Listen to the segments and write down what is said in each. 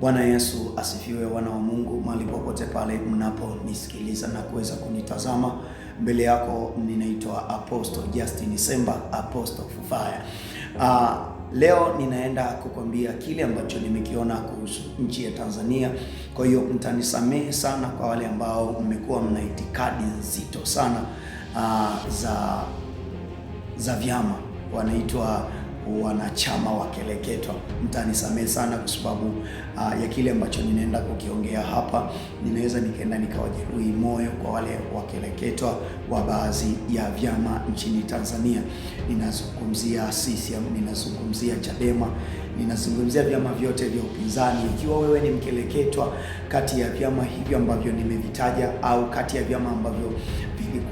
Bwana Yesu asifiwe, wana wa Mungu, mahali popote pale mnaponisikiliza na kuweza kunitazama. Mbele yako ninaitwa Apostle Justin Semba, Apostle Fufaya. Uh, leo ninaenda kukwambia kile ambacho nimekiona kuhusu nchi ya Tanzania. Kwa hiyo mtanisamehe sana kwa wale ambao mmekuwa mna itikadi nzito sana uh, za za vyama wanaitwa wanachama Keleketwa, Mtanisamehe sana kwa sababu uh, ya kile ambacho ninaenda kukiongea hapa, ninaweza nikaenda nikawajeruhi moyo kwa wale wakereketwa wa baadhi ya vyama nchini Tanzania. Ninazungumzia CCM, ninazungumzia Chadema, ninazungumzia vyama vyote vya upinzani. Ikiwa wewe ni Mkeleketwa kati ya vyama hivyo ambavyo nimevitaja au kati ya vyama ambavyo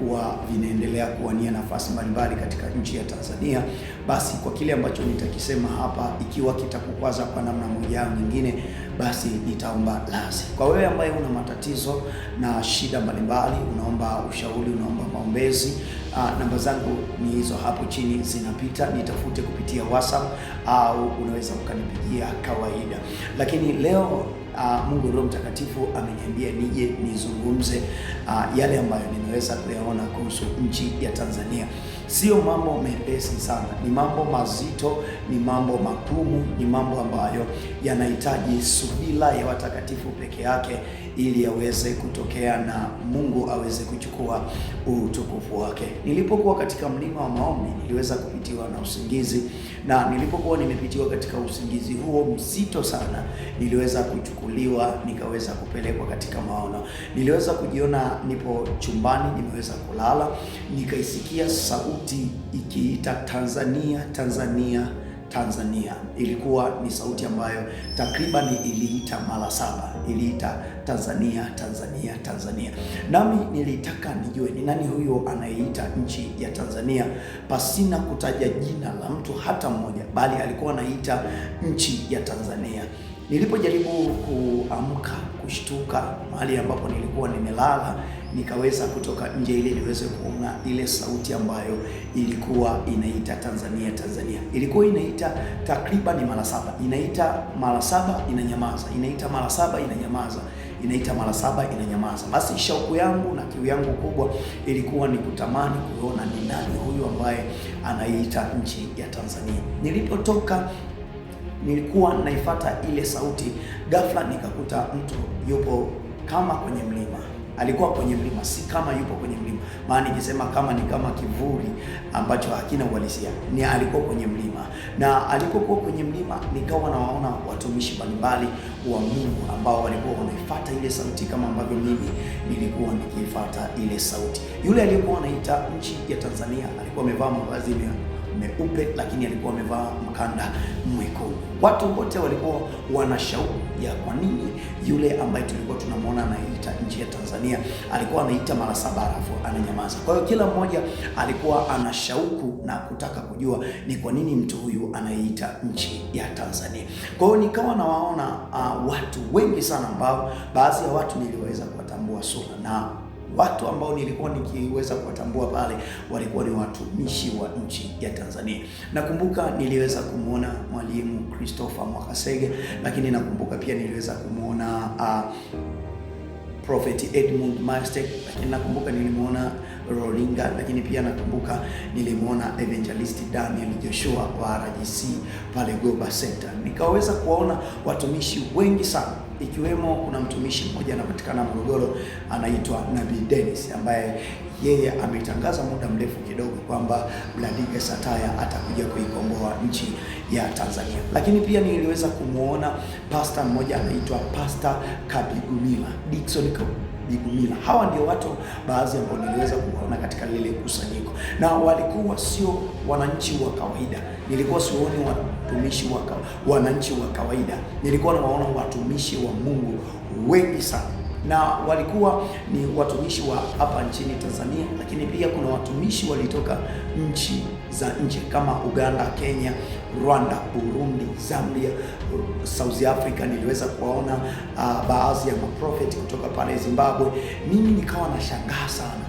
vimekuwa vinaendelea kuwania nafasi mbalimbali katika nchi ya Tanzania, basi kwa kile ambacho nitakisema hapa, ikiwa kitakukwaza kwa namna moja au nyingine, basi nitaomba lazi Kwa wewe ambaye una matatizo na shida mbalimbali, unaomba ushauri, unaomba maombezi, ah, namba zangu ni hizo hapo chini zinapita, nitafute kupitia WhatsApp au unaweza ukanipigia kawaida, lakini leo uh, Mungu Roho Mtakatifu ameniambia nije nizungumze uh, yale ambayo nimeweza kuyaona kuhusu nchi ya Tanzania. Sio mambo mepesi sana, ni mambo mazito, ni mambo magumu, ni mambo ambayo yanahitaji subira ya watakatifu peke yake ili aweze kutokea na Mungu aweze kuchukua utukufu wake. Nilipokuwa katika mlima wa maombi, niliweza kupitiwa na usingizi, na nilipokuwa nimepitiwa katika usingizi huo mzito sana, niliweza kuchukuliwa, nikaweza kupelekwa katika maono. Niliweza kujiona nipo chumbani, nimeweza kulala, nikaisikia sauti ikiita Tanzania, Tanzania Tanzania. Ilikuwa ni sauti ambayo takriban iliita mara saba, iliita Tanzania, Tanzania, Tanzania. Nami nilitaka nijue ni nani huyo anayeita nchi ya Tanzania pasina kutaja jina la mtu hata mmoja, bali alikuwa anaita nchi ya Tanzania. Nilipojaribu kuamka kushtuka mahali ambapo nilikuwa nimelala nikaweza kutoka nje ili niweze kuona ile sauti ambayo ilikuwa inaita Tanzania Tanzania. Ilikuwa inaita takriban mara saba, inaita mara saba inanyamaza, inaita mara saba inanyamaza inaita mara saba inanyamaza. Basi shauku yangu na kiu yangu kubwa ilikuwa ni kutamani kuona ni nani huyu ambaye anaiita nchi ya Tanzania. Nilipotoka nilikuwa naifuata ile sauti, ghafla nikakuta mtu yupo kama kwenye mlima alikuwa kwenye mlima, si kama yupo kwenye mlima. Maana nikisema kama ni kama kivuli ambacho hakina uhalisia, ni alikuwa kwenye mlima, na alipokuwa kwenye mlima nikawa nawaona watumishi mbalimbali wa Mungu ambao walikuwa wanaifuata ile sauti kama ambavyo mimi nilikuwa nikiifuata ile sauti. Yule aliyekuwa anaita nchi ya Tanzania alikuwa amevaa mavazi meupe lakini alikuwa amevaa mkanda mwekundu. Watu wote walikuwa wana shauku ya kwa nini yule ambaye tulikuwa tunamwona ya Tanzania alikuwa anaita mara saba alafu ananyamaza. Kwa hiyo kila mmoja alikuwa ana shauku na kutaka kujua ni kwa nini mtu huyu anaiita nchi ya Tanzania. Kwa hiyo nikawa nawaona uh, watu wengi sana ambao baadhi ya watu niliweza kuwatambua sura na watu ambao nilikuwa nikiweza kuwatambua pale walikuwa ni watumishi wa nchi ya Tanzania. Nakumbuka niliweza kumwona Mwalimu Christopher Mwakasege, lakini nakumbuka pia niliweza kumwona uh, Prophet Edmund Mastek, lakini nakumbuka nilimwona Rolinga, lakini pia nakumbuka nilimwona Evangelist Daniel Joshua kwa RGC pale Goba Center. Nikaweza kuwaona watumishi wengi sana ikiwemo kuna mtumishi mmoja anapatikana Morogoro anaitwa Nabii Dennis ambaye yeye ametangaza muda mrefu kidogo kwamba Mladege Sataya atakuja kuikomboa nchi ya Tanzania. Lakini pia niliweza kumwona pasta mmoja anaitwa Pasta Kabigumila Dickson kabigumila Hawa ndio watu baadhi ambao niliweza kuwaona katika lile kusanyiko, na walikuwa sio wananchi wa kawaida. Nilikuwa sioni watumishi wa wananchi wa kawaida, nilikuwa nawaona watumishi wa Mungu wengi sana na walikuwa ni watumishi wa hapa nchini Tanzania, lakini pia kuna watumishi walitoka nchi za nje kama Uganda, Kenya, Rwanda, Burundi, Zambia, South Africa. Niliweza kuwaona uh, baadhi ya maprofeti kutoka pale Zimbabwe. Mimi nikawa nashangaa sana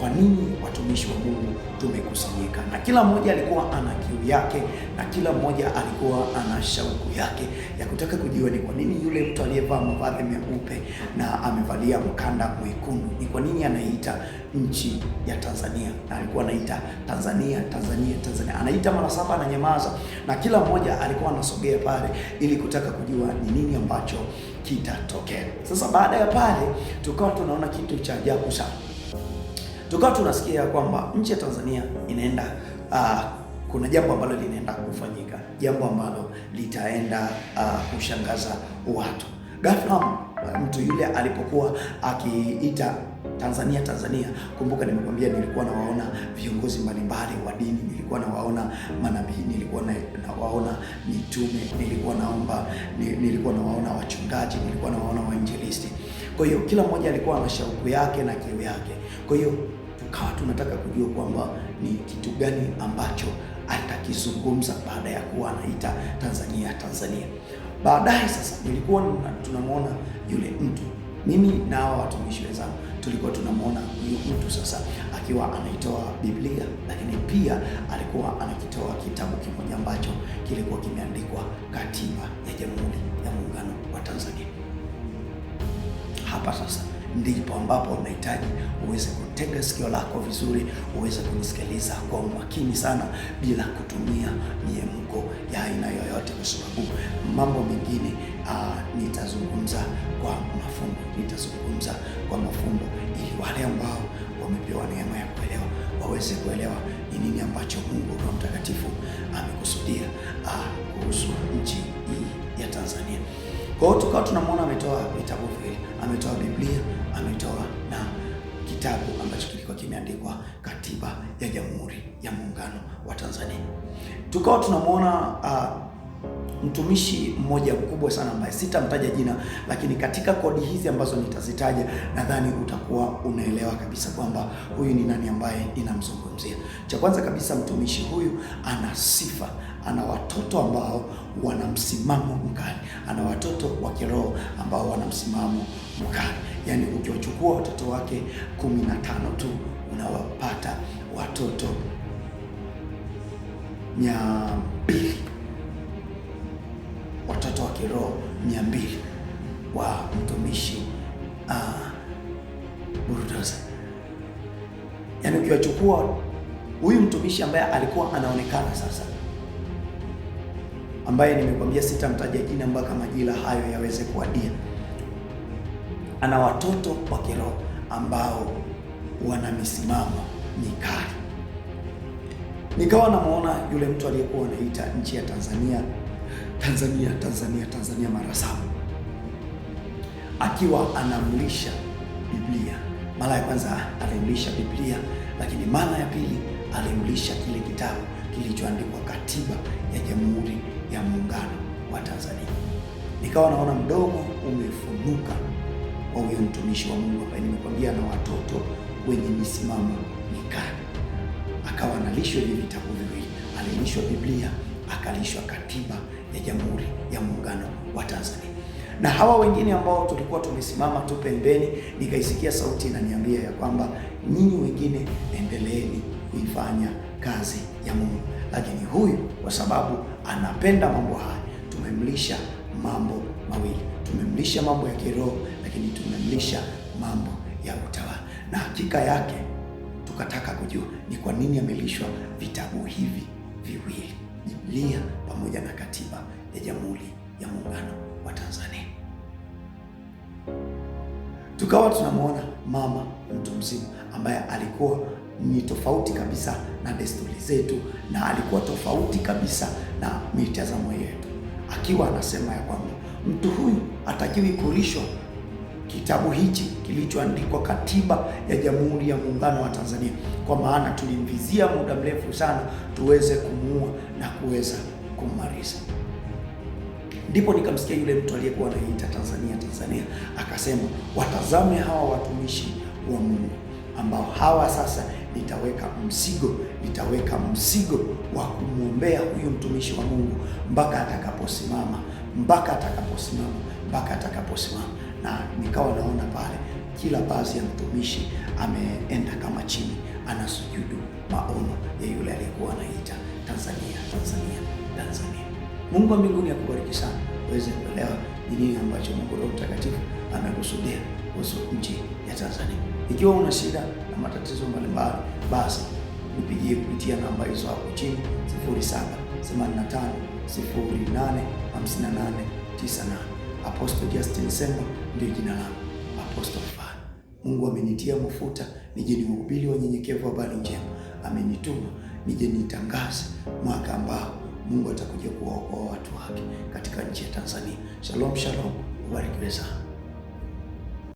kwa nini watumishi wa Mungu tumekusanyika, na kila mmoja alikuwa ana kiu yake, na kila mmoja alikuwa ana shauku yake ya kutaka kujua ni kwa nini yule mtu aliyevaa mavazi meupe na amevalia mkanda mwekundu, ni kwa nini anaita nchi ya Tanzania, na alikuwa anaita Tanzania, Tanzania, Tanzania, anaita mara saba na nyamaza, na kila mmoja alikuwa anasogea pale ili kutaka kujua ni nini ambacho kitatokea. Sasa baada ya pale, tukawa tunaona kitu cha ajabu sana tukawa tunasikia kwamba nchi ya Tanzania inaenda uh, kuna jambo ambalo linaenda kufanyika, jambo ambalo litaenda uh, kushangaza watu. Ghafla mtu yule alipokuwa akiita Tanzania Tanzania, kumbuka nimekwambia, nilikuwa nawaona viongozi mbalimbali wa dini, nilikuwa nawaona manabii, nilikuwa nawaona mitume, nilikuwa naomba, nilikuwa nawaona wachungaji, nilikuwa nawaona wainjilisti. Kwa hiyo kila mmoja alikuwa na shauku yake na kiu yake, kwa hiyo tukawa tunataka kujua kwamba ni kitu gani ambacho atakizungumza baada ya kuwa anaita Tanzania Tanzania. Baadaye sasa nilikuwa tunamwona yule mtu, mimi na hawa watumishi wenzangu tulikuwa tunamwona huyu mtu sasa akiwa anaitoa Biblia, lakini pia alikuwa anakitoa kitabu kimoja ambacho kilikuwa kimeandikwa Katiba ya Jamhuri ya Muungano wa Tanzania. Hapa sasa ndipo ambapo unahitaji uweze kutega sikio lako vizuri, uweze kunisikiliza kwa umakini sana, bila kutumia miemko ya aina yoyote, kwa sababu mambo mengine uh, nitazungumza kwa mafumbo, nitazungumza kwa mafumbo ili wale ambao wamepewa neema ya kuelewa waweze kuelewa ni nini ambacho Mungu Roho Mtakatifu amekusudia uh, kuhusu nchi hii ya Tanzania. Kwa hiyo tukawa tunamwona ametoa vitabu vile, ametoa Biblia, ametoa na kitabu ambacho kilikuwa kimeandikwa katiba ya Jamhuri ya Muungano wa Tanzania. Tukawa tunamwona uh, ah, mtumishi mmoja mkubwa sana ambaye sitamtaja jina, lakini katika kodi hizi ambazo nitazitaja nadhani utakuwa unaelewa kabisa kwamba huyu ni nani ambaye inamzungumzia Cha kwanza kabisa, mtumishi huyu ana sifa ana watoto ambao wana msimamo mkali, ana watoto wa kiroho ambao wana msimamo mkali. Yaani ukiwachukua watoto wake kumi na tano tu unawapata watoto mia mbili watoto wa kiroho mia mbili wa mtumishi uh, ah, yani Yaani ukiwachukua huyu mtumishi ambaye alikuwa anaonekana sasa ambaye nimekwambia sitamtaja jina mpaka majira hayo yaweze kuadia Ana watoto wa kiroho ambao wana misimamo mikali. Nikawa namuona yule mtu aliyekuwa anaita nchi ya Tanzania Tanzania Tanzania Tanzania mara saba, akiwa anamlisha Biblia. Mara ya kwanza alimlisha Biblia, lakini mara ya pili alimlisha kile kitabu kilichoandikwa katiba ya Jamhuri ya muungano wa Tanzania. Nikawa naona mdomo umefunuka kwa huyo mtumishi wa Mungu ambaye nimekwambia na watoto wenye misimamo mikali, akawa analishwa hivi vitabu viwili, alilishwa Biblia akalishwa katiba ya Jamhuri ya Muungano wa Tanzania na hawa wengine ambao tulikuwa tumesimama tu pembeni, nikaisikia sauti inaniambia ya kwamba nyinyi wengine endeleeni kuifanya kazi ya Mungu lakini huyu kwa sababu anapenda mambo haya, tumemlisha mambo mawili, tumemlisha mambo ya kiroho, lakini tumemlisha mambo ya utawala. Na hakika yake tukataka kujua ni kwa nini amelishwa vitabu hivi viwili, Biblia pamoja na katiba ya Jamhuri ya Muungano wa Tanzania. Tukawa tunamwona mama mtu mzima ambaye alikuwa ni tofauti kabisa na desturi zetu, na alikuwa tofauti kabisa na mitazamo yetu, akiwa anasema ya kwamba mtu huyu hatakiwi kulishwa kitabu hichi kilichoandikwa katiba ya Jamhuri ya Muungano wa Tanzania, kwa maana tulimvizia muda mrefu sana tuweze kumuua na kuweza kummaliza. Ndipo nikamsikia yule mtu aliyekuwa anaita Tanzania Tanzania akasema, watazame hawa watumishi wa Mungu ambao hawa sasa nitaweka mzigo, nitaweka mzigo wa kumwombea huyu mtumishi wa Mungu mpaka atakaposimama, mpaka atakaposimama, mpaka atakaposimama. Na nikawa naona pale kila baadhi ya mtumishi ameenda kama chini, anasujudu maono ya yule aliyekuwa anaita Tanzania, Tanzania, Tanzania. Mungu wa mbinguni akubariki sana uweze kuelewa ni nini ambacho Mungu Roho Mtakatifu amekusudia kuhusu nchi ya Tanzania. Ikiwa una shida na matatizo mbalimbali, basi nipigie kupitia namba hizo hapo chini 0785 0858 98. Apostle Justin Semba ndio jina langu, Apostle Fani. Mungu amenitia mafuta nije nihubiri wanyenyekevu habari njema, amenituma nije nitangaze mwaka ambao Mungu atakuja kuwaokoa watu wake katika nchi ya Tanzania. Shalom, shalom, ubarikiwe sana.